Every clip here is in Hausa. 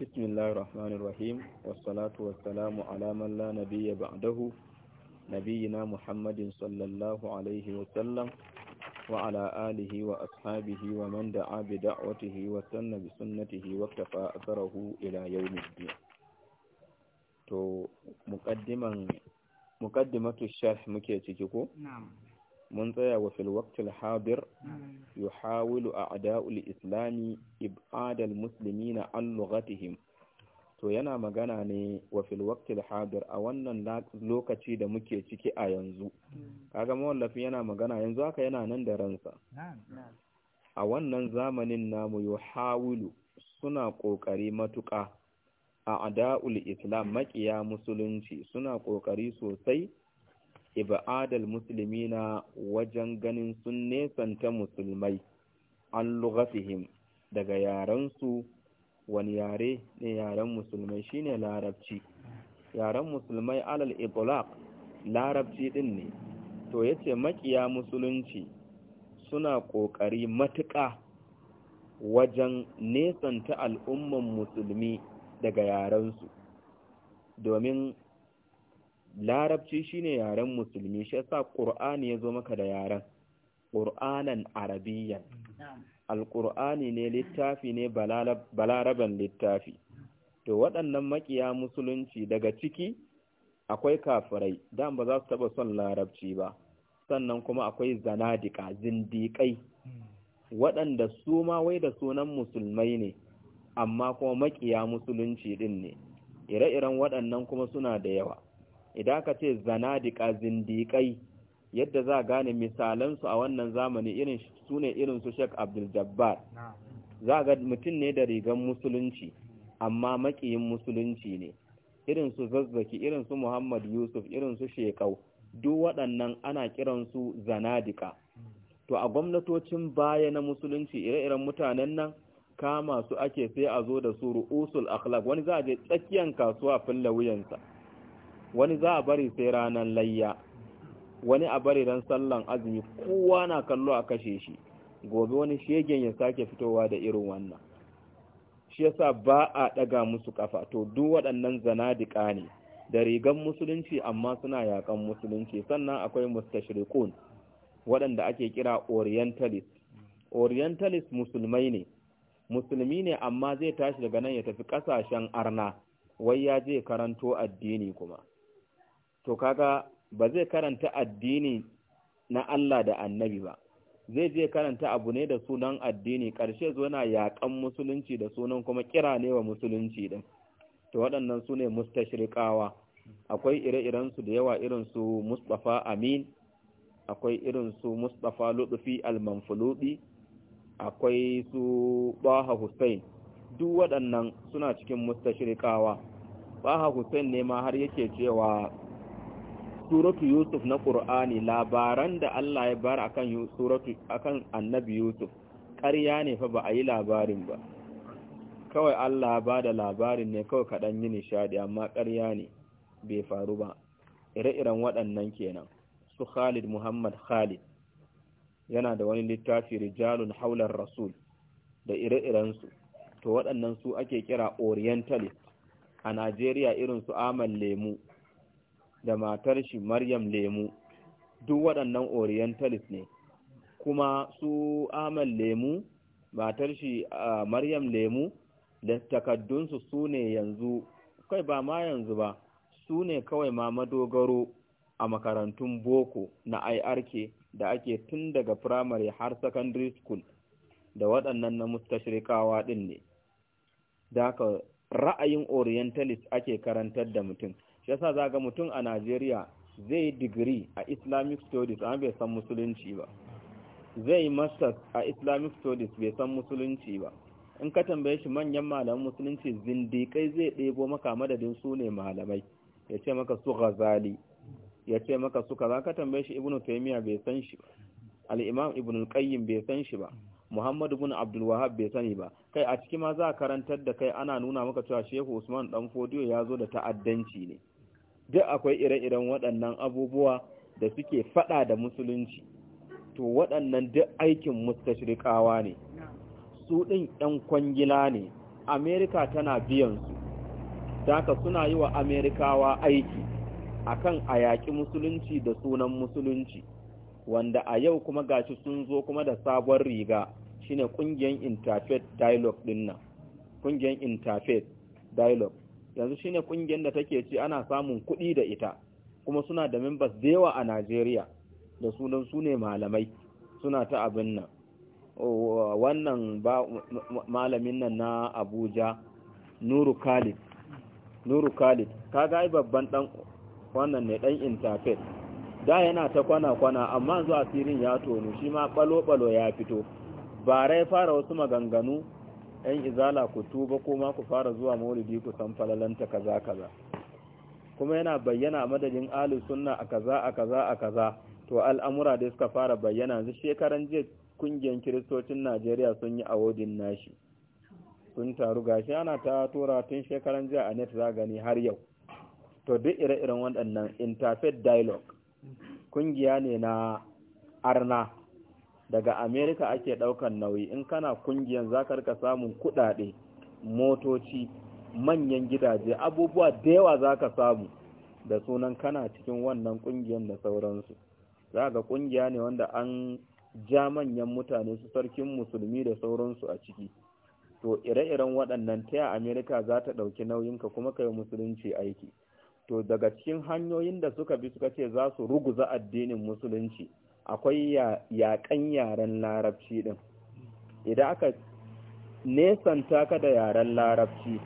بسم الله الرحمن الرحيم والصلاة والسلام على من لا نبي بعده نبينا محمد صلى الله عليه وسلم وعلى آله وأصحابه ومن دعا بدعوته وسن بسنته واكتفى أثره إلى يوم الدين تو مقدما مقدمة الشرح مكيتي نعم mun tsaya wa hadir hmm. yi hadir a adawul islami ib'adal na an lugatihim to yana magana ne wa fil hadir a wannan lokaci da muke ciki a yanzu hmm. kaga mawallafi yana magana yanzu haka yana nan da ransa a wannan zamanin namu yuhawilu suna ƙoƙari matuƙa a adawul islam maƙiya musulunci suna ƙoƙari sosai ibadal Musulmina wajen ganin sun nesanta musulmai an lugafihim daga yarensu wani yare ne yaren musulmai shine larabci yaren musulmai alal itlaq larabci din ne to yace makiya musulunci suna kokari matuƙa wajen nesanta al'umman musulmi daga yarensu domin larabci shine yaren musulmi shi yasa qur'ani yazo maka da yaren qur'anan arabiyyan alqur'ani ne littafi ne balaraban littafi to waɗannan makiya musulunci daga ciki akwai kafirai dan ba za su taba son larabci ba sannan kuma akwai zanadika zindiƙai hmm. waɗanda su ma wai da sunan musulmai ne amma kuma makiya musulunci din ne ire-iren waɗannan kuma suna da yawa idan ka ce zanadika zindiƙai yadda za gane misalansu a wannan zamani irin su ne irin su Sheikh Abdul Jabbar za ga mutum ne da rigan musulunci amma makiyin musulunci ne irin su zazzaki irin su Muhammad Yusuf irin su Shekau duk waɗannan ana kiransu zanadika to a gwamnatocin baya na musulunci ire-iren mutanen nan kama su ake sai a zo da su ru'usul akhlaq wani za a je tsakiyan kasuwa fulla wani za a bari sai ranar layya wani a bari ran sallan azumi kowa na kallo a kashe shi gobe wani shegen ya sake fitowa da irin wannan shi yasa ba a daga musu kafa to duk waɗannan zanadika ne da rigan musulunci amma suna yakan musulunci sannan akwai mustashrikun waɗanda ake kira orientalist orientalist musulmai ne musulmi ne amma zai tashi daga nan ya tafi ƙasashen arna wai ya je karanto addini kuma to kaga ba zai karanta addini na Allah da annabi ba zai je karanta abu ne da sunan addini Karshe zo yaƙan musulunci da sunan kuma kira ne wa musulunci din to waɗannan su ne mustashriqawa akwai ire-iren su da yawa irin su Mustafa Amin akwai irin su Mustafa Lubfi Al-Manfuludi akwai su Baha Hussein duk waɗannan suna cikin mustashriqawa Baha Hussein ne ma har yake cewa suratu yusuf na ƙur'ani labaran da Allah ya bar akan suratu akan annabi yusuf ƙarya ne fa ba a yi labarin ba kawai Allah ba da labarin ne kawai kaɗan yi nishadi amma ƙarya ne bai faru ba ire-iren waɗannan kenan su khalid muhammad khalid yana da wani littafi rijalun haular rasul da ire-irensu to waɗannan su ake kira orientalist a najeriya irin su amal lemu da matar shi Maryam Lemu duk waɗannan orientalist ne kuma su Ahmad Lemu matar shi Maryam Lemu da takaddunsu su sune yanzu kai ba ma yanzu ba sune kawai ma madogaro a makarantun boko na IRK da ake tun daga firamare har secondary school da waɗannan na mustashirikawa ɗin ne da ra'ayin orientalist ake karantar da mutum shi yasa za ga mutum a Najeriya zai yi digiri a Islamic Studies amma bai san musulunci ba zai yi masters a Islamic Studies bai san musulunci ba in ka tambaye shi manyan malaman musulunci zindikai zai ɗebo maka madadin su ne malamai ya ce maka su ghazali ya ce maka su kaza ka tambaye shi ibn Taymiyyah bai san shi ba al-imam Ibn qayyim bai san shi ba Muhammad ibn Abdul Wahhab bai sani ba kai a ciki ma za karantar da kai ana nuna maka cewa Shehu Usman dan Fodiyo ya zo da ta'addanci ne duk akwai ire-iren waɗannan abubuwa da suke faɗa da musulunci to waɗannan duk aikin mustashriqawa ne su ɗin ɗan kwangila ne amerika tana biyan su daga suna yi wa amerikawa aiki akan a yaƙi musulunci da sunan musulunci wanda a yau kuma gashi sun zo kuma da sabon riga shine ƙungiyar interfaith dialogue ɗin nan ƙungiyar interfaith dialogue yanzu shine kungiyar da take ci ana samun kuɗi da ita kuma suna da membas da yawa a Najeriya da sunan su ne malamai suna ta abin nan wannan ba malamin nan na Abuja Nuru Khalid Nuru Khalid kaga ai babban dan wannan ne dan interface da yana ta kwana-kwana amma zuwa asirin ya tonu shi ma balo-balo ya fito ba rai fara wasu maganganu yan izala ku tuba kuma ku fara zuwa maulidi ku san falalanta kaza kaza kuma yana bayyana madadin alu sunna a kaza a kaza a kaza to al'amura da suka fara bayyana zai shekaran jiya kungiyar kiristocin Najeriya sun yi awodin nashi sun taru gashi ana ta tura tun shekaran jiya a net za gani har yau to duk ire-iren waɗannan interfaith dialogue kungiya ne na arna daga amerika ake daukan nauyi in kana kungiyan za ka rika samun kudade motoci manyan gidaje abubuwa da yawa za ka samu da sunan kana cikin wannan kungiyan da sauransu za ga kungiya ne wanda an ja manyan mutane su sarkin musulmi da sauransu a ciki to ire-iren waɗannan ta amerika za ta ɗauki nauyinka kuma kai musulunci aiki to daga cikin hanyoyin da suka bi suka ce za su ruguza addinin musulunci akwai yaƙan yaren larabci din idan aka nesanta ka da yaren larabci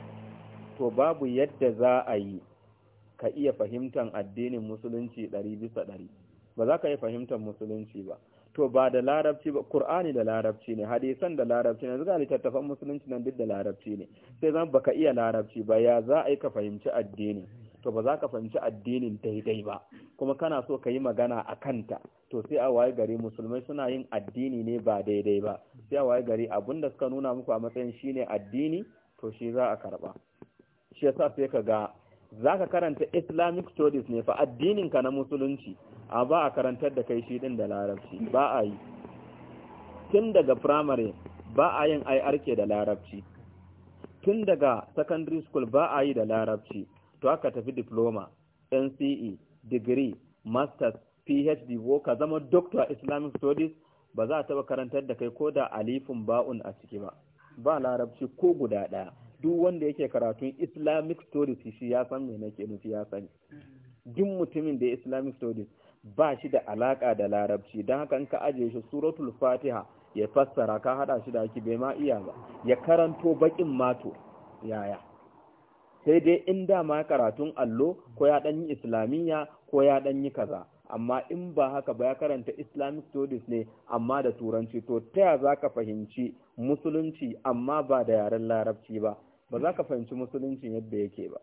to babu yadda za a yi ka iya fahimtar addinin musulunci ɗari bisa ɗari ba za ka yi fahimtar musulunci ba to ba da larabci ba Kur'ani da larabci ne hadisan da larabci ne zuga littattafan musulunci nan duk da larabci ne sai zan baka iya larabci ba ya za a yi ka fahimci addinin. to ba za ka fahimci addinin daidai ba kuma kana so ka yi magana a kanta to sai a waye gari musulmai suna yin addini ne ba daidai ba sai a waye gari abin da suka nuna muku a matsayin shine addini to shi za a karba shi yasa sai ka ga za ka karanta islamic studies ne fa addinin ka na musulunci a ba a karantar da kai shi din da larabci ba a yi tun daga primary ba a yin arke da larabci tun daga secondary school ba a yi da larabci to aka tafi diploma nce degree masters phd ko ka zama doctor islamic studies ba za a taba karantar da kai ko da alifin ba'un a ciki ba ba larabci ko guda ɗaya duk wanda yake karatun islamic studies shi ya san me nake nufi ya sani duk mutumin da ya islamic studies ba shi da alaka da larabci don haka in ka ajiye shi suratul fatiha ya fassara ka hada shi da ake bai ma iya ba ya karanto bakin mato yaya sai dai in da ma karatun allo ko ya ɗanyi islamiyya ko ya ɗan yi kaza amma in ba haka ba ya karanta islamic studies ne amma da turanci to ta ya za ka fahimci musulunci amma ba da yaren larabci ba ba za ka fahimci musulunci yadda yake ba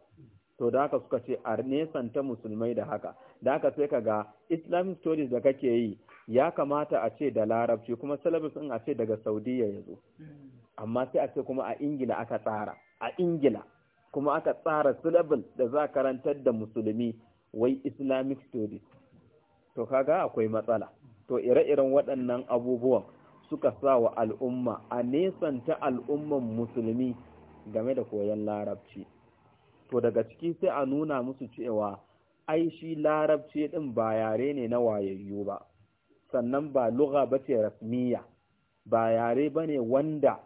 to da haka suka ce a nesanta musulmai da haka da haka sai ka ga islamic studies da kake yi ya kamata a ce da larabci kuma syllabus in a ce daga saudiya ya zo amma sai a ce kuma a ingila aka tsara a ingila kuma aka tsara silabil da za karantar da musulmi wai islamic studies to kaga akwai matsala to ire-iren waɗannan abubuwan suka sa wa al'umma a nesanta al'umman musulmi game da koyon larabci to daga ciki sai a nuna musu cewa ai shi larabci ɗin ba yare ne na wayayyu ba sannan ba lugha ba ce rasmiya ba yare ba ne wanda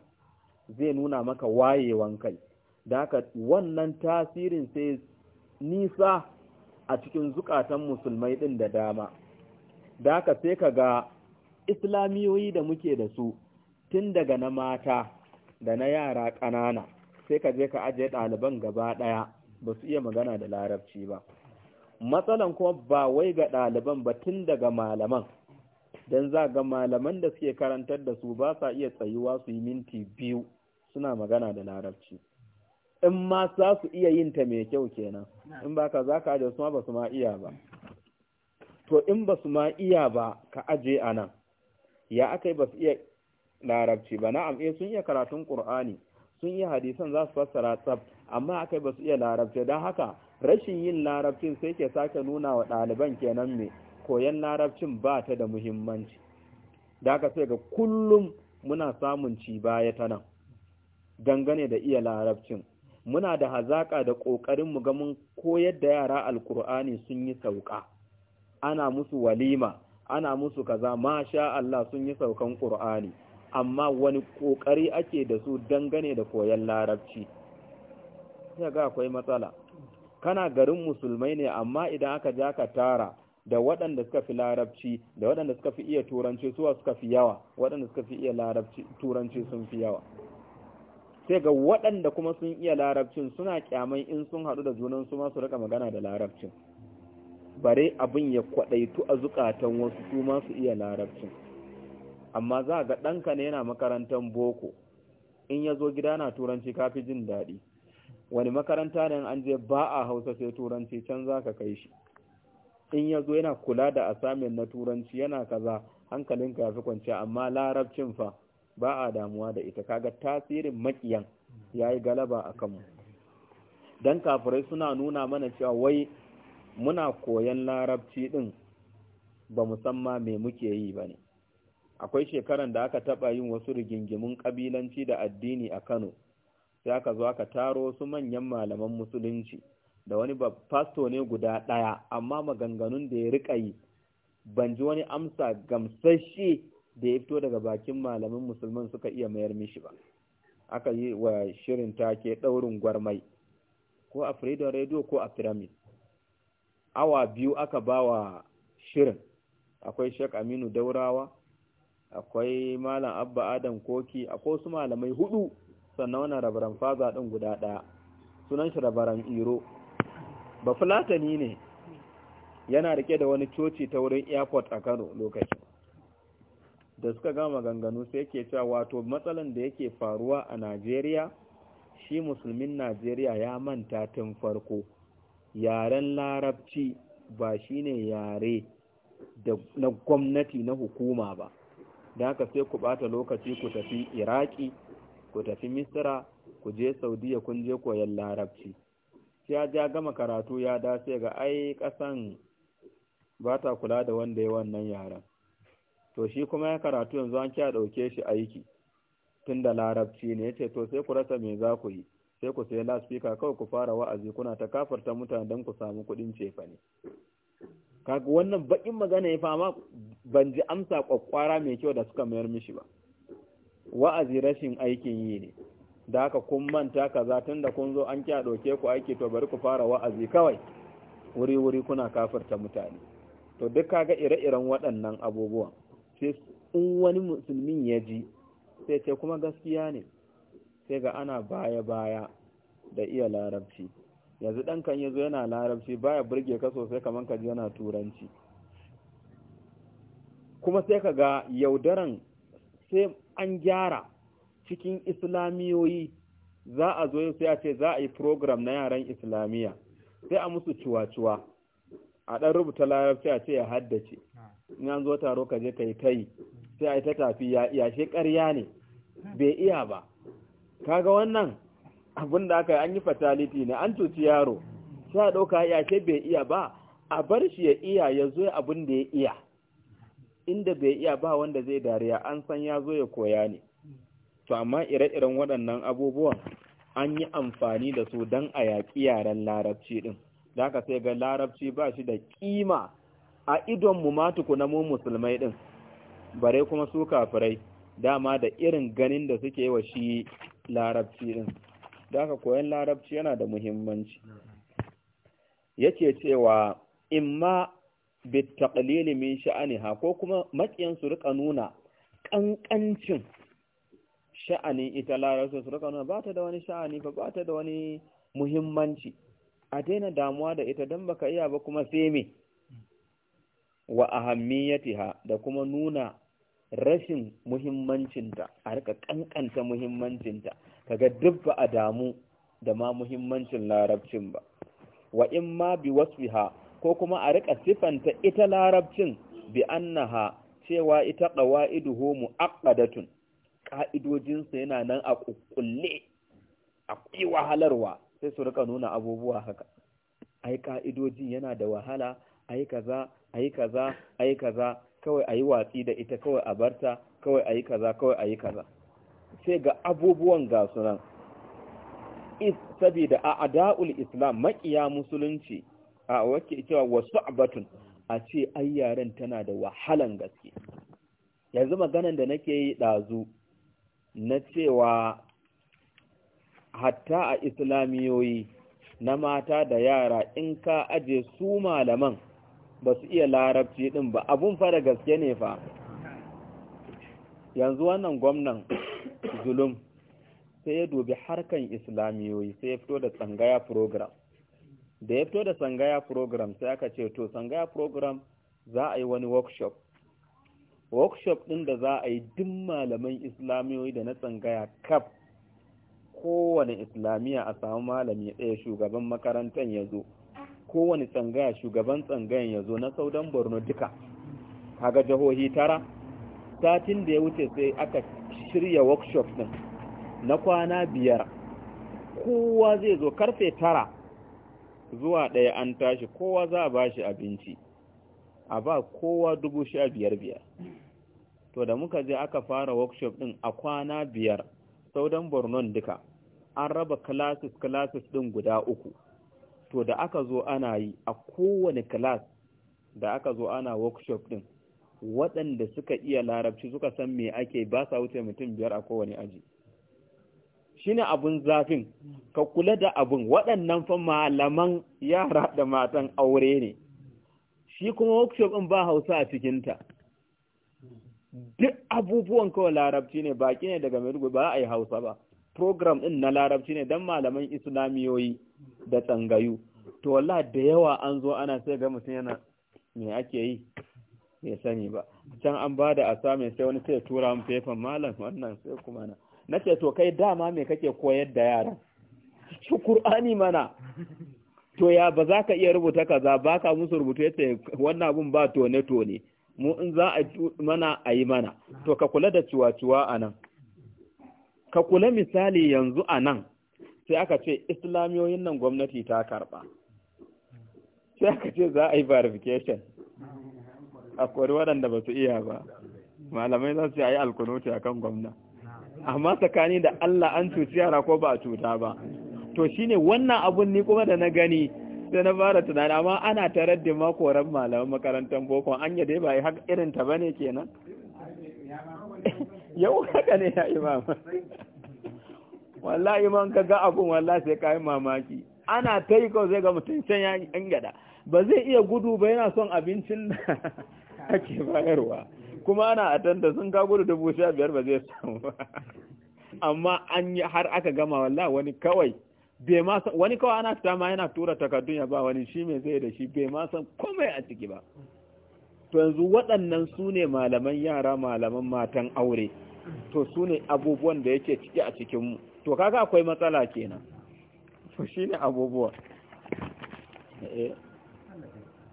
zai nuna maka wayewan kai da haka wannan tasirin sai nisa a cikin zukatan musulmai ɗin da dama da haka sai ka ga islamiyoyi da muke da su tun daga na mata da na yara ƙanana sai ka je ka ajiye ɗaliban gaba ɗaya ba su iya magana da larabci ba matsalan kuma ba wai ga ɗaliban ba tun daga malaman don za ga malaman da suke karantar da su ba sa iya tsayuwa su yi minti biyu suna magana da larabci in ma za su iya yin ta mai kyau kenan in ba ka za ka ajiye su ma ba su ma iya ba to in ba su ma iya ba ka aje a nan ya aka yi ba su iya larabci ba na'am eh sun iya karatun kur'ani sun iya hadisan za su fassara tsab amma aka yi ba su iya larabci don haka rashin yin larabcin sai ke sake nuna wa ɗaliban kenan me koyan larabcin ba ta da muhimmanci da aka sai ga kullum muna samun ci baya ta nan dangane da iya larabcin muna da hazaƙa da ƙoƙarin mu ga mun koyar da yara alkur'ani sun yi sauka ana musu walima ana musu kaza masha Allah sun yi saukan ƙur'ani amma wani ƙoƙari ake da su dangane da koyan larabci ya ga akwai matsala kana garin musulmai ne amma idan aka ja ka tara da waɗanda suka fi larabci da waɗanda suka fi iya turanci suwa suka fi yawa waɗanda suka fi iya larabci turanci sun fi yawa sai ga waɗanda kuma sun iya larabcin suna kyamai in sun haɗu da junan su masu rika magana da larabcin bare abin ya kwaɗaitu a zukatan wasu su masu iya larabcin amma za ga ɗanka ne yana makarantar boko in ya zo gida na turanci kafi jin daɗi wani makaranta ne an je ba a hausa sai turanci can za ka kai shi in ya zo yana kula da asamin na turanci yana kaza hankalinka ya fi kwanciya amma larabcin fa ba a damuwa da ita kaga tasirin makiyan yayi galaba a kanmu dan kafirai suna nuna mana cewa wai muna koyan larabci din ba musamman me muke yi ba ne akwai shekaran da aka taɓa yin wasu rigingimun ƙabilanci da addini a kano sai aka zo aka taro su manyan malaman musulunci da wani fasto ne guda ɗaya amma maganganun da ya riƙa yi ban ji wani amsa gamsashe da ya fito daga bakin malamin musulman suka iya mayar mishi ba aka yi wa shirin take ɗaurin gwarmai ko a freedom radio ko a pyramid awa biyu aka ba wa shirin akwai shek aminu daurawa akwai malam abba adam koki akwai su malamai hudu sannan wani rabaran faza ɗin guda ɗaya sunan shi rabaran iro ba fulatani ne yana rike da wani coci ta wurin airport a kano lokaci da suka gama ganganu sai yake cewa wato matsalan da yake faruwa a Najeriya shi musulmin Najeriya ya manta tun farko yaren larabci ba shine yare da na gwamnati na hukuma ba da haka sai ku bata lokaci ku tafi Iraki ku tafi Misra ku je Saudiya kun je koyon larabci sai ya ja gama karatu ya dace ga ai kasan ba ta kula da wanda ya wannan yaren to shi kuma ya karatu yanzu an kya dauke shi aiki tun da larabci ne ya ce to sai ku rasa me za ku yi sai ku sayi laspika kawai ku fara wa'azi kuna ta kafarta mutane don ku samu kuɗin cefa ne kaga wannan bakin magana ya fama ban ji amsa kwakwara mai kyau da suka mayar mishi ba wa'azi rashin aikin yi ne da haka kun manta kaza tun da kun zo an kya dauke ku aiki to bari ku fara wa'azi kawai wuri-wuri kuna kafarta mutane to duk kaga ire-iren waɗannan abubuwan sai in wani musulmin ya ji sai ce kuma gaskiya ne sai ga ana baya-baya da iya larabci yanzu ɗankan ya zo yana larabci baya burge ka sosai kamar ka ji yana turanci kuma sai ka ga yaudaran sai an gyara cikin islamiyoyi za a zo sai a ce za a yi program na yaran islamiyya sai a musu ciwa-ciwa a ɗan rubuta larabci a ce ya haddace in an zo taro ka je ka yi tai sai a yi ta tafi ya shi ƙarya ne bai iya ba kaga wannan abin da aka yi an yi fataliti ne an cuci yaro sai a ɗauka ya shi bai iya ba a bar shi ya iya ya zo abin da ya iya inda bai iya ba wanda zai dariya an san ya zo ya koya ne to amma ire-iren waɗannan abubuwan an yi amfani da su don a yaƙi yaren larabci ɗin da aka sai ga larabci ba shi da ƙima a idonmu ma na mu musulmai din, bare kuma su kafirai dama da irin ganin da suke wa shi larabci din. da koyan larabci yana da muhimmanci yake cewa imma bitaqlili min sha'aniha ko kuma matsayin su rika nuna kankancin sha'anin ita larabci su rika nuna ba ta da wani sha'ani fa ba ta da wani muhimmanci a daina damuwa da ita don baka iya ba kuma sai me wa ahammiyatiha da kuma nuna rashin muhimmancinta a rika kankanta muhimmancinta kaga duk ba a damu da ma muhimmancin larabcin ba wa in ma bi wasfiha ko kuma a rika sifanta ita larabcin bi annaha cewa ita qawaiduhu muaqqadatun sa yana nan a kukkulle akwai wahalarwa sai su rika nuna abubuwa haka ai ka'idoji yana da wahala ai kaza ai kaza ai kaza kawai ayi watsi da ita kawai a barta kawai ayi kaza kawai ayi kaza sai ga abubuwan ga sunan saboda a ada'ul islam maƙiya musulunci a wake cewa wasu abatun a ce ai yaren tana da wahalan gaske yanzu maganan da nake yi ɗazu na cewa hatta a islamiyoyi na mata da yara in ka aje su malaman ba su iya larabci din ba abun fara gaske ne fa yanzu wannan gwamnan zulum sai ya dubi harkan islamiyoyi sai ya fito da tsangaya program da ya fito da tsangaya program sai aka ce to tsangaya program za a yi wani workshop workshop din da za a yi duk malaman islamiyoyi da na tsangaya kaf kowane islamiyya a samu malami ɗaya shugaban makarantar ya zo kowane tsangaya shugaban tsangayan ya zo na saudan borno duka kaga jihohi tara satin da ya wuce sai aka shirya workshop din na kwana biyar kowa zai zo karfe tara zuwa ɗaya an tashi kowa za a ba shi abinci a ba kowa dubu sha biyar biyar to da muka je aka fara workshop din a kwana biyar saudan Borno duka an raba classes classes ɗin guda uku to da aka zo ana yi a kowane class da aka zo ana workshop ɗin waɗanda suka iya larabci suka san me ake ba sa wuce mutum biyar a kowane aji shine abun zafin ka kula da abun waɗannan fa malaman yara da matan aure ne shi kuma workshop ɗin ba hausa a cikinta duk abubuwan kawai larabci ne baki ne daga maiduguri ba a yi hausa ba program ɗin na larabci ne don malaman islamiyoyi da tsangayu to wallah da yawa an zo ana sai ga mutum yana me ake yi bai sani ba can an ba da assignment sai wani sai tura mu fefan malam wannan sai kuma na nace to kai dama me kake koyar da yara shi qur'ani mana to ya ba za ka iya rubuta kaza ba ka musu rubuta yace wannan abun ba tone tone mu in za a mana a yi mana to ka kula da ciwa-ciwa a nan ka kula misali yanzu a nan sai aka ce islamiyoyin nan gwamnati ta karba sai aka ce za a yi verification akwai waɗanda ba su iya ba malamai za su yi alkunuti a kan gwamna amma tsakani da Allah an cuci yara ko ba a cuta ba to shine wannan abun ni kuma da na gani sai na fara tunani amma ana tarar da makoran malaman makarantar boko an yi dai ba irin ta bane kenan yau haka ne ya imam wallahi man ka ga abun wallahi sai kai mamaki ana ta yi kawai zai ga mutum can ya gada ba zai iya gudu ba yana son abincin da ake bayarwa kuma ana atanta sun ka gudu dubu sha biyar ba zai samu amma an yi har aka gama wallahi wani kawai bai ma wani kawai ana fita yana tura takardun ya ba wani shi mai zai da shi bai ma san komai a ciki ba to yanzu waɗannan su ne malaman yara malaman matan aure to su ne abubuwan da yake ciki a cikinmu to kaga akwai matsala kenan to shi ne abubuwa eh,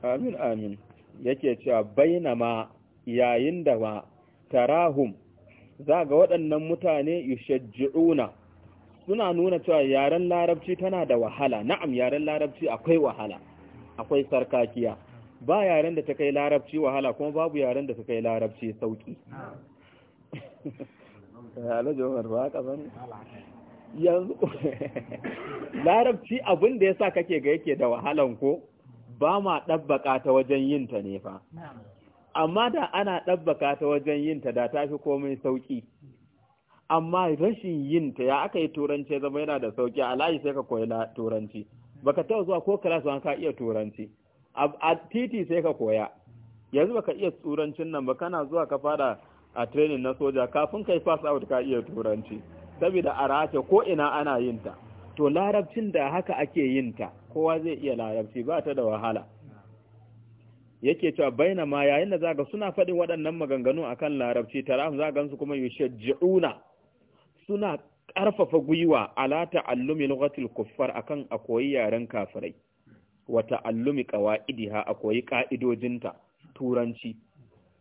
amin amin yake cewa bainama yayin da ma tarahum za ga waɗannan mutane yushajji'una suna nuna cewa yaren larabci tana da wahala na'am yaren larabci akwai wahala akwai sarkakiya ba yaren da ta kai larabci wahala kuma babu yaren da ta kai larabci sauki larabci abin da ya sa kake ga yake da wahalan ko ba ma ɗabbaka ta wajen yin ta ne fa amma da ana ɗabbaka ta wajen yin ta da ta fi komai sauki amma rashin yin ta ya aka yi turanci zama yana da sauki alayi sai ka koyi turanci baka taɓa zuwa ko kalas ka iya turanci a titi sai ka koya yanzu ka iya turancin nan ba kana zuwa ka fada a training na soja kafin kai pass out ka iya turanci saboda a race ko ina ana yin ta to larabcin da haka ake yin ta kowa zai iya larabci ba ta da wahala yake cewa baina ma yayin da zaga suna faɗin waɗannan maganganu akan larabci tarahum zagan su kuma yushajji'una suna ƙarfafa gwiwa ala ta'allumi lughatil kuffar akan a koyi yaren kafirai wa ta'allumi qawaidiha a koyi ka'idojinta turanci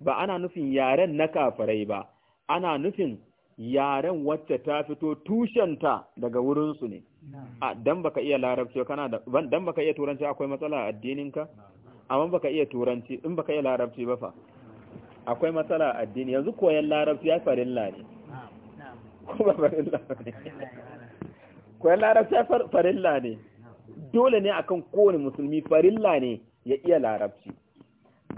ba ana nufin yaren na kafirai ba ana nufin yaren wacce ta fito tushenta daga wurinsu ne a dan baka iya larabci kana da dan baka iya turanci akwai matsala a addininka amma baka iya turanci in baka iya larabci ba fa akwai matsala a addini yanzu koyan larabci ya farilla ne kuma farilla ne koyan larabci ya farilla ne dole ne akan kowane musulmi farilla ne ya iya larabci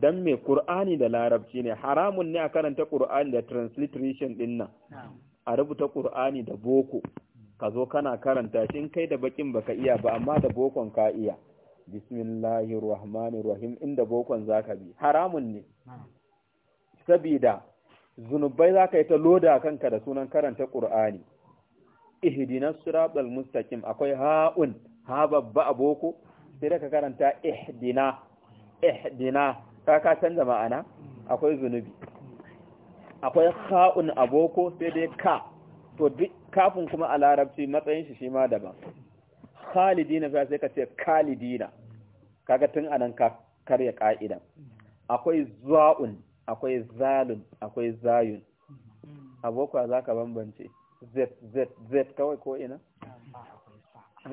dan me Qur'ani da larabci ne haramun ne a karanta Qur'ani da transliteration din nan a rubuta Qur'ani da boko ka zo kana karanta shi kai da bakin baka iya ba amma da bokon ka iya bismillahir rahmanir rahim inda bokon zaka bi haramun ne sabida zunubai zaka yi ta loda kanka da sunan karanta Qur'ani ihdinas siratal mustaqim akwai ha'un ha babba aboko sai da ka karanta ihdina ihdina ka ka canza ma'ana akwai zunubi akwai kha'un aboko sai dai ka to duk kafin kuma a larabci matsayin shi shi ma daban khalidina fa sai ka ce khalidina kaga tun anan ka karya ka'idan akwai za'un akwai zalun akwai zayun za zaka bambance z z z kawai ko ina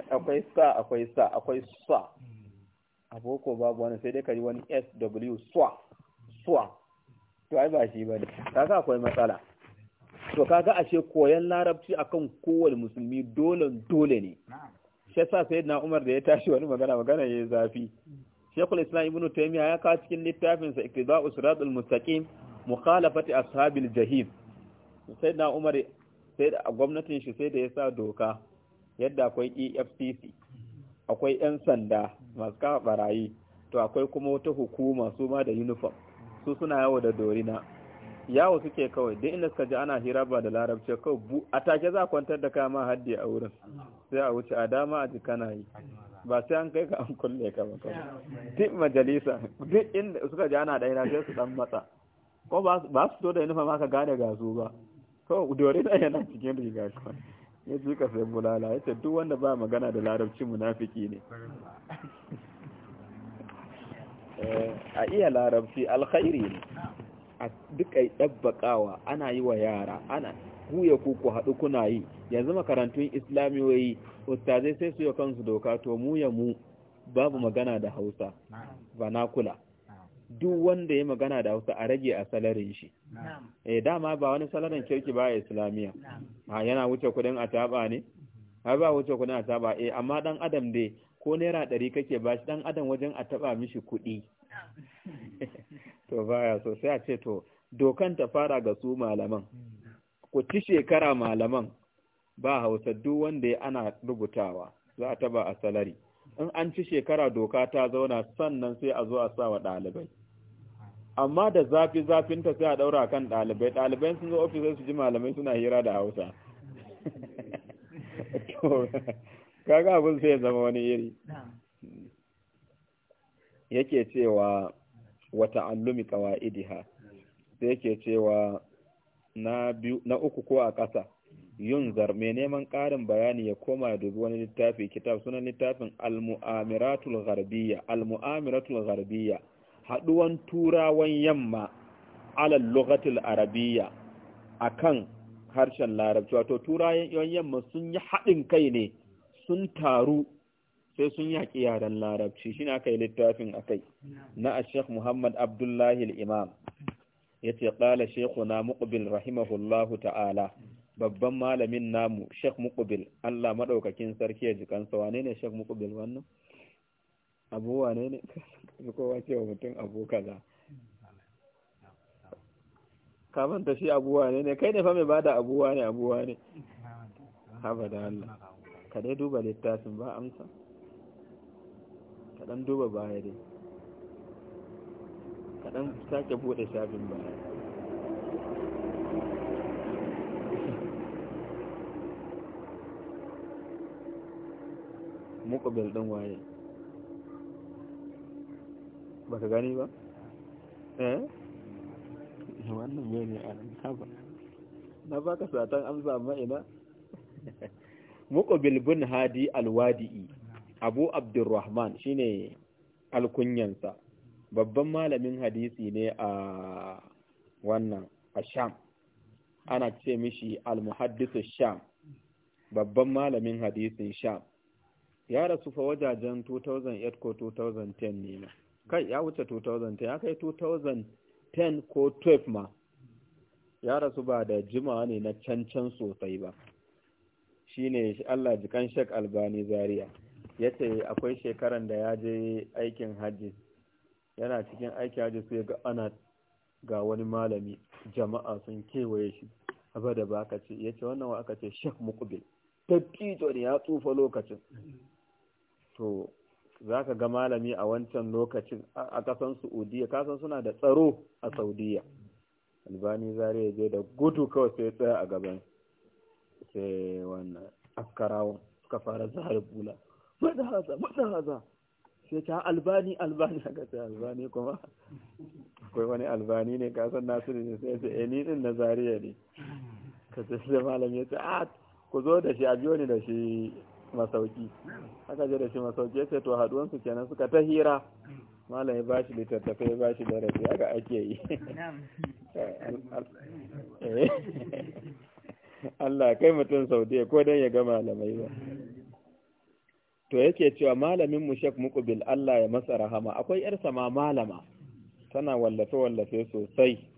akwai sa akwai sa akwai sa hmm. a boko babu wani sai dai ka yi wani sw swa swa to ai ba shi ba ne kaga akwai matsala to kaga ashe koyan larabci akan kowane musulmi dole dole ne shi yasa na Umar da ya tashi wani magana magana ya zafi shekul Islam Ibn taimiyya ya kawo cikin littafin sa Iqtida'us Siratal Mustaqim mukhalafati ashabil jahim na Umar sai da gwamnatin shi sai da ya sa doka yadda akwai efcc akwai 'yan sanda masu kawo barayi to akwai kuma wata hukuma su ma da uniform su suna yawo da dorina yawo suke kawai duk inda suka ji ana hira ba da larabci kawai bu a take za a kwantar da kama haddi a wurin sai a wuce a dama a ji kana yi ba sai an kai ka an kulle ka ba kawai duk majalisa duk inda suka ji ana daina sai su dan matsa ko ba su to da uniform aka gane gasu ba kawai dorina yana cikin riga kawai ya ji ka sai bulala ya ce duk wanda ba magana da larabci munafiki ne eh, a iya larabci alkhairi ne a duka ɗabbaƙawa ana yi wa yara ana huye ku ku haɗu kuna yi yanzu makarantun islamiyoyi ustazai sai su yi kansu doka to mu ya mu babu magana da hausa banakula duk wanda ya magana da Hausa a rage a salarin shi eh dama ba wani salarin kirki ba a Islamiya ha ah, yana wuce kudin ataba ne ha mm-hmm. ba wuce kudin ataba eh amma dan adam dai ko naira ɗari kake ba shi dan adam wajen a taba mishi kuɗi to baya so sai a ce to dokan ta fara ga su malaman mm-hmm. ku ci shekara malaman ba hausa duk wanda ana rubutawa za a taba a salari in an ci shekara doka ta zauna sannan sai a zo a sa wa ɗalibai amma da zafi zafinta sai a ɗaura kan ɗalibai ɗalibai sun zo ofis su ji malamai suna hira da hausa kaga abin sai ya zama wani iri yake cewa wata allumi kawa'idiha sai yake cewa na uku ko a ƙasa yunzar mai neman ƙarin bayani ya koma ya dubi wani littafi kitab sunan littafin al-mu'amiratul haɗuwan al-mu'amiratul haduwan turawan yamma ala lughatil arabiyya akan harshen larabci wato turawan yamma sun yi haɗin kai ne sun taru sai sun yaƙi yaren larabci shine aka yi littafin akai na Sheikh Muhammad Abdullahi al-Imam yace qala shaykhuna muqbil rahimahullahu ta'ala babban malamin namu Sheikh Muqbil Allah madaukakin sarki ya jikan sa wane ne Sheikh Muqbil wannan abu wane ne kowa cewa mutum abu kaza ka ta shi abu wane ne kai ne fa mai bada abu wane abu wane haba da Allah ka dai duba littafin ba amsa ka dan duba baya dai ka dan sake bude shafin baya muqbil din waye ka gani ba eh, eh wannan ne a na baka satan amsa ma ina bin hadi alwadi'i abu abdurrahman shine alkunyansa babban malamin hadisi ne a wannan a sham ana ce mishi al-muhaddisu sham babban malamin hadisin sham ya rasu fa wajajen 2008 ko 2010 ne ma kai ya wuce 2010 ya kai 2010 ko 12 ma ya rasu ba da jimawa ne na cancan sosai ba shi ne Allah jikan shek Albani Zaria ce akwai shekaran da ya je aikin hajji yana cikin aiki hajji sai ga ana ga wani malami jama'a sun kewaye shi abada ba aka ce ya ce wannan wa aka ce shek mukubil tattijo ne ya tsufa lokacin to za ka ga malami a wancan lokacin a kasan saudiya kasan suna da tsaro a saudiya albani zare ya je da gudu kawai sai tsaya a gaban sai wannan askarawa suka fara zahar bula mada haza mada haza sai ta albani albani a gasa albani kuma akwai wani albani ne kasan nasiru ne sai ce eh, ni din na zariya ne ka ce sai malami ya ce a ah, ku zo da shi a biyo ni da shi masauki haka je da shi masauki yace to haduwan su kenan suka ta hira malam ya bashi litattafai ya bashi darasi haka ake yi Allah kai mutum saudiya ko dan ya ga malamai ba to yake cewa malamin mu Sheikh Muqbil Allah ya masa rahama akwai yar sama malama tana wallafe wallafe sosai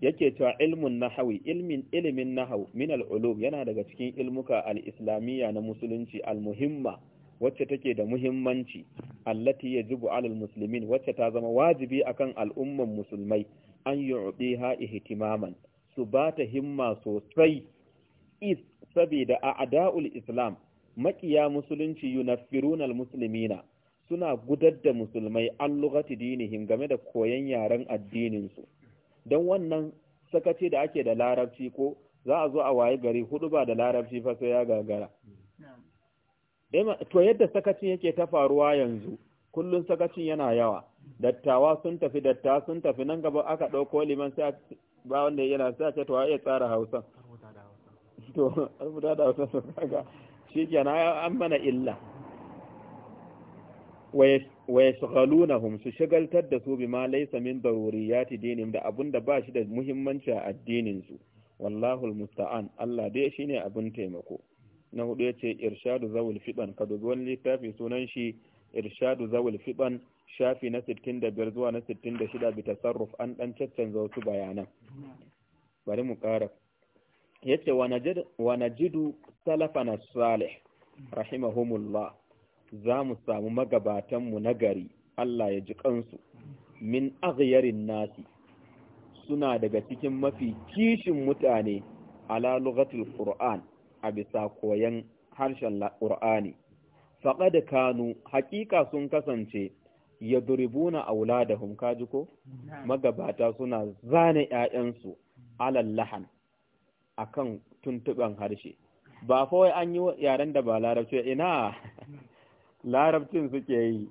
yake cewa ilmun nahawi ilmin ilimin nahaw min al-ulum yana daga cikin ilmuka al-islamiyya na musulunci al-muhimma wacce take da muhimmanci allati yajibu alal muslimin wacce ta zama wajibi akan al'umman musulmai an yu'diha ihtimaman su bata himma sosai is saboda a'da'ul islam makiya musulunci yunaffiruna musulmina suna gudar da musulmai an lugati dinihim game da koyon yaren addinin su don wannan sakaci da ake da larabci ko za a zo a waye gari hudu ba da larabci fa sai ya gagara to yadda sakacin yake ta faruwa yanzu kullum sakacin yana yawa dattawa sun tafi dattawa sun tafi nan gaba aka ɗauko liman sai ba wanda yana sai a ce to ya tsara hausa to rubuta da hausa sun shi kenan an mana illa wa wa yashghalunahum su shagaltar da su bima laysa min daruriyati dinihim da abunda ba shi da muhimmanci a addinin su wallahu almusta'an Allah dai shine abin taimako na hudu yace irshadu zawul fitan ka dubi wani littafi sunan shi irshadu zawul fitan shafi na 65 zuwa na 66 bi tasarruf an dan caccanza wasu bayanan bari mu kara yace wa najidu salafana salih rahimahumullah za mu samu magabatanmu na gari Allah ya ji kansu min aghyarin nasi suna daga cikin mafi kishin mutane ala lughatil qur'an a bisa koyan harshen qur'ani da kanu hakika sun kasance yadribuna da kaji ko magabata suna zane ƴaƴansu alal lahan akan tuntuban harshe ba fa an yi yaren da ba larabci ina larabcin suke yi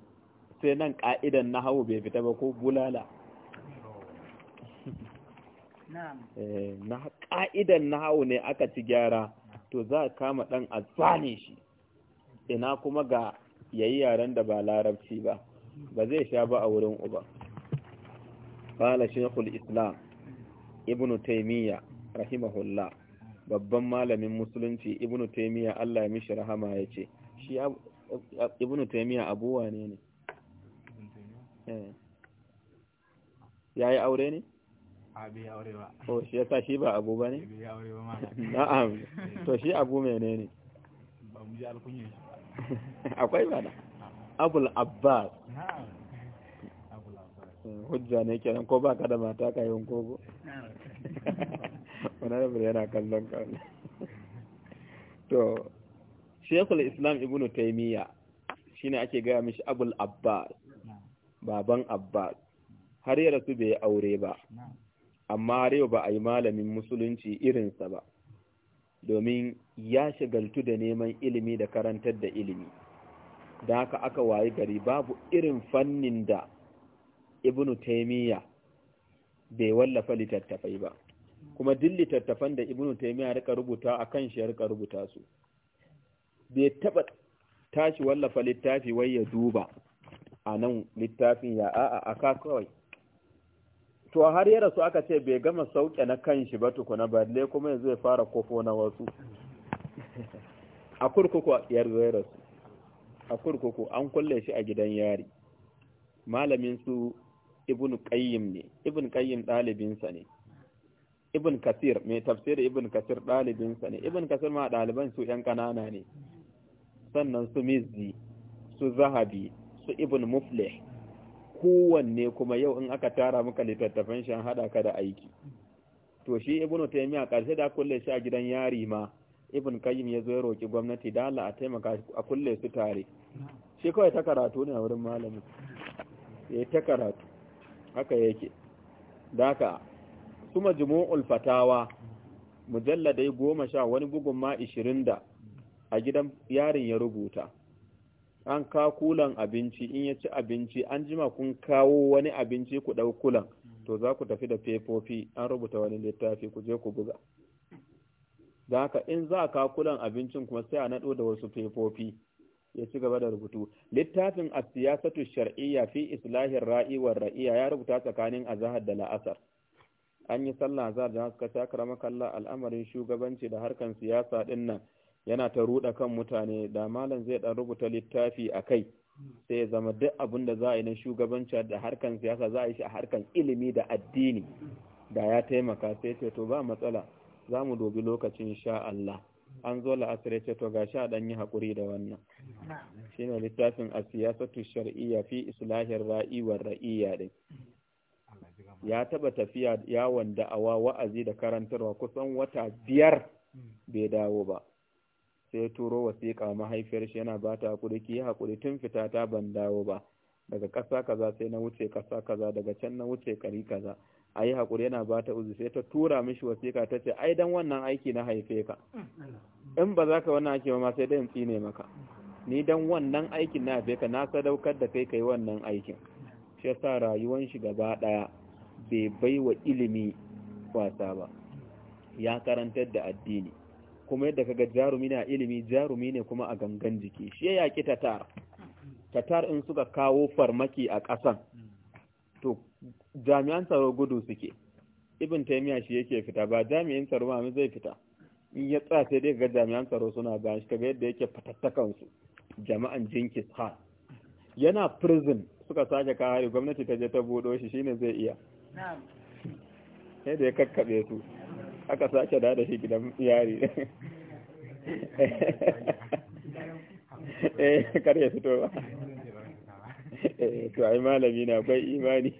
sai nan ka'idan na hau bai fita ba ko bulala eh, na ka'idan na hau ne aka ci gyara to za a kama ɗan a shi ina kuma ga yayi yaren da ba larabci ba ba zai sha ba a wurin uba fala shekul islam ibnu taimiyya rahimahullah babban malamin musulunci ibnu taymiya Allah ya mishi rahama ya shi ibnu taymiya abuwa ne ne eh. ya yi aure ne? abi ya aure ba to oh, shi yasa shi ba abu ba ne? abi ya aure ba ma na'am to shi abu mene ne? ba mu ji alkunye shi akwai ba na? abul abbas eh, hujja ne kenan ko ba ka da mata ka yi kogo wani rabu yana kallon kawai to shekul islam ibnu taimiyya shine ake gaya mishi abul abbas baban abbas har ya rasu bai aure ba amma har ba a yi malamin musulunci irinsa ba domin ya shagaltu da neman ilimi da karantar da ilimi da haka aka wayi gari babu irin fannin da Ibn taimiyya bai wallafa littattafai ba kuma duk littattafan da ibnu taimiyya rika rubuta akan shi ya rika rubuta su bai taba tashi wallafa littafi wai ya duba a nan littafin ya a'a ka kawai to har yara su aka ce bai gama sauke na kanshi ba tukuna ba? balle kuma yanzu ya fara kofo na wasu a kurkuku ya su a kurkuku an kulle shi a gidan yari malamin su ibn qayyim ne ibn qayyim sa ne ibn kasir mai tafsir ibn kasir sa ne ibn kasir ma daliban su ‘yan ƙanana ne sannan su mizzi su zahabi su ibn muflih kowanne kuma yau in aka tara maka littattafan shan hada ka da aiki to shi ibn taymiya karshe da kulle shi a gidan yari ma ibn kayyim ya zo ya roki gwamnati da Allah a taimaka a kulle su tare shi kawai ta karatu ne a wurin malamin ya ta karatu haka yake daka kuma jumu'ul fatawa mujalladai goma sha wani bugun ma ishirin a gidan yarin ya rubuta an ka kulan abinci in ya ci abinci an jima kun kawo wani abinci ku ɗau kulan to za ku tafi da fefofi an rubuta wani littafi ku je ku buga don haka in za ka kulan abincin kuma sai a naɗo da wasu fefofi ya ci gaba da rubutu littafin a siyasatu shar'iyya fi islahin ra'i wa ra'iya ya rubuta tsakanin azahar da la'asar an yi sallah azhar da haska ta karama al'amarin shugabanci da harkan siyasa din nan yana ta ruɗa kan mutane da malam zai ɗan rubuta littafi a kai sai ya zama duk abin da za a yi na shugabanci da harkan siyasa za a yi shi a harkar ilimi da addini da ya taimaka sai ce to ba matsala za mu dobi lokacin sha Allah an zo la'asar ce to ga sha ɗan yi haƙuri da wannan shi ne littafin a siyasatu shar'iyya fi islahin ra'i wa ra'iyya ɗin ya taɓa tafiya yawon da'awa wa'azi da karantarwa kusan wata biyar bai dawo ba sai turo wasiƙa mahaifiyar shi yana bata ta haƙuri ki yi haƙuri tun fita ta ban dawo ba daga ƙasa kaza sai na wuce ƙasa kaza daga can na wuce kari kaza a yi haƙuri yana bata uzu sai ta tura mishi wasiƙa ta ce ai dan wannan aiki na haife ka in ba za ka wannan aiki ma sai dai in tsine maka ni dan wannan aikin na haife ka na sadaukar da kai kai wannan aikin shi ya sa rayuwan shi gaba ɗaya bai baiwa ilimi wasa ba ya karantar da addini kuma yadda kaga jarumi na ilimi jarumi ne kuma a gangan jiki shi ya yaki tatar tatar in suka kawo farmaki a ƙasan to jami'an tsaro gudu suke ibin taymiya shi yake fita ba jami'in tsaro ma zai fita in ya tsaya sai dai ga jami'an tsaro suna ga shi kaga yadda yake fatattakan su jama'an jinkis ha yana prison suka sake kawo gwamnati ta je ta budo shi shine zai iya na'am sai da ya kakkabe su aka sace da da shi gidan yari eh kar ya fito ba eh to ai malami na akwai imani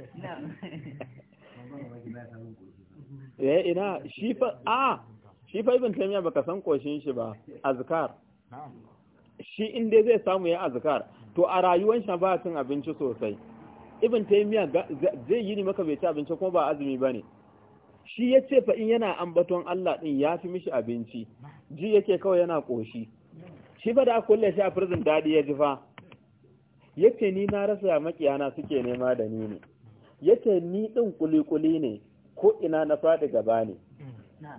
eh ina shi fa a shi fa ibn tamiya baka san koshin shi ba azkar shi inda zai samu ya azkar to a rayuwar shi ba sun abinci sosai ibn tamiya zai yi ni maka bai ci abinci kuma ba azumi bane shi ya ce fa in yana ambaton Allah ɗin ya fi mishi abinci ji yake kawai yana ƙoshi shi ba da aka kulle shi a prison daɗi ya ji fa ce ni na rasa ya makiyana suke nema da ni ne Ya ce ni ɗin kulikuli ne ko ina na faɗi gaba ne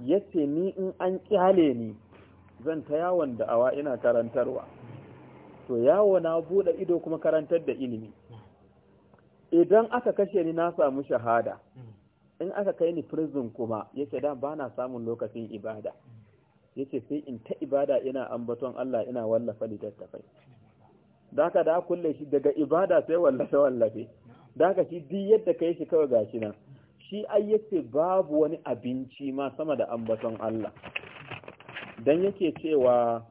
Ya ce ni in an ƙyale ni zan ta yawon da'awa ina karantarwa to yawo na buɗe ido kuma karantar da ilimi idan aka kashe ni na samu shahada in aka kai ni prison kuma yace da ba na samun lokacin ibada yace sai in ta ibada ina ambaton Allah ina wallafa littattafai daka da kulle shi daga ibada sai wallafe wallafe daka shi duk yadda kai shi kawai gashi nan shi ai yace babu wani abinci ma sama da ambaton Allah dan yake cewa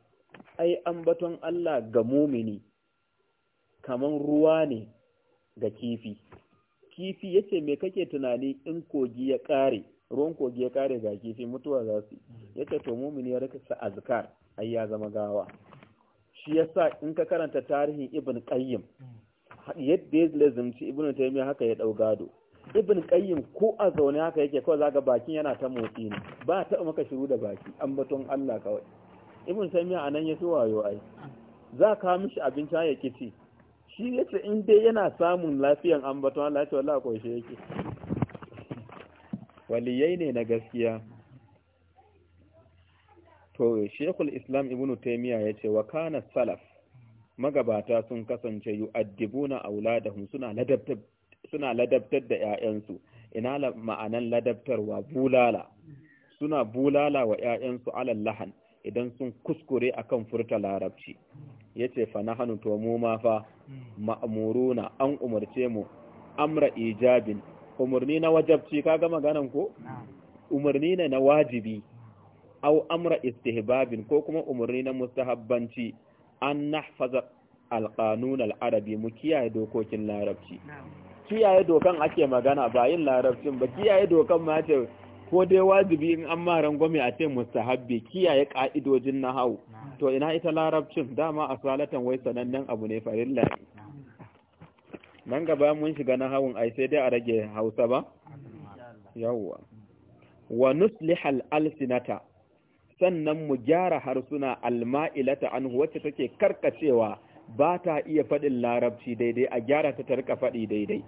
ai ambaton Allah ga mumini kaman ruwa ne ga kifi kifi ya ce me kake tunani in kogi ya kare ruwan kogi ya kare ga kifi mutuwa za su ce to mumin ya rika sa azkar ai ya zama gawa shi yasa in ka karanta tarihin ibn qayyim yadda ya lazimci ibn taymiya haka ya dau gado ibn qayyim ko a zaune haka yake kawai zaga bakin yana ta motsi ne ba ta maka shiru da baki an baton Allah kawai ibn a nan ya fi wayo ai za ka mishi abinci ya kici shi yace in dai yana samun lafiyan ambaton Allah ce wallahi ko shi yake waliyai ne na gaskiya to shekul islam ibnu taymiya yace wa kana salaf magabata sun kasance yu'addibuna auladahum suna ladabtar suna ladabtar da ƴaƴansu ina ma'anan ladabtarwa bulala suna bulala wa ƴaƴansu alal lahan idan sun kuskure akan furta larabci yace fa hannu to mu ma fa ma'muruna hmm. an umarce mu amra ijabin umarni na wajabci kaga maganan ko umarni ne na wajibi aw amra istihbabin ko kuma umarni na mustahabbanci an nahfaza alqanun alarabi mu kiyaye dokokin larabci kiyaye dokan ake magana ba yin larabcin ba kiyaye dokan ma ce ko dai wajibi in an ma rangwame a ce mustahabbi kiyaye ka'idojin na hau. to ina ita larabcin dama a salatan wai sanannen abu ne farilla nan gaba mun shiga na hawan ai sai dai a rage hausa ba yawwa wa nuslihal alsinata sannan mu gyara harsuna alma'ilata an wacce take karkacewa ba ta iya faɗin larabci daidai a gyara ta tarka faɗi daidai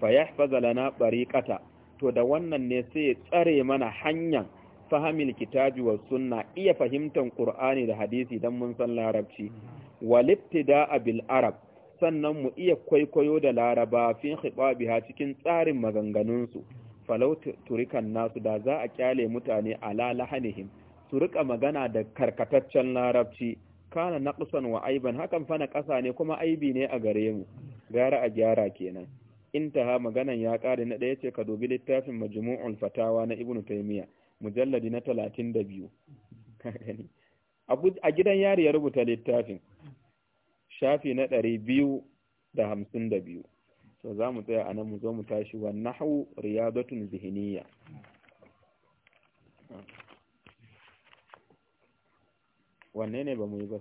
fa yahfaz lana bariqata to da wannan ne sai tsare mana hanyar fahamil kitabi wa sunna iya fahimtar qur'ani da hadisi dan mun san larabci walittida'a bil arab sannan mu iya kwaikwayo da laraba fi khitabiha cikin tsarin maganganunsu falau turikan nasu da za a kyale mutane ala lahanihim su rika magana da karkataccen larabci kana naqsan wa aiban hakan fa na ƙasa ne kuma aibi ne a gare mu gara a gyara kenan intaha maganan ya ƙare na ɗaya ce ka dubi littafin majmu'ul fatawa na ibnu taymiya mujalladi na talatin da biyu a gidan yari ya rubuta littafin shafi na ɗari biyu da hamsin da biyu so za mu tsaya a nan mu zo mu tashi wa nahu riyadatun zihiniya wanne ne ba mu yi ba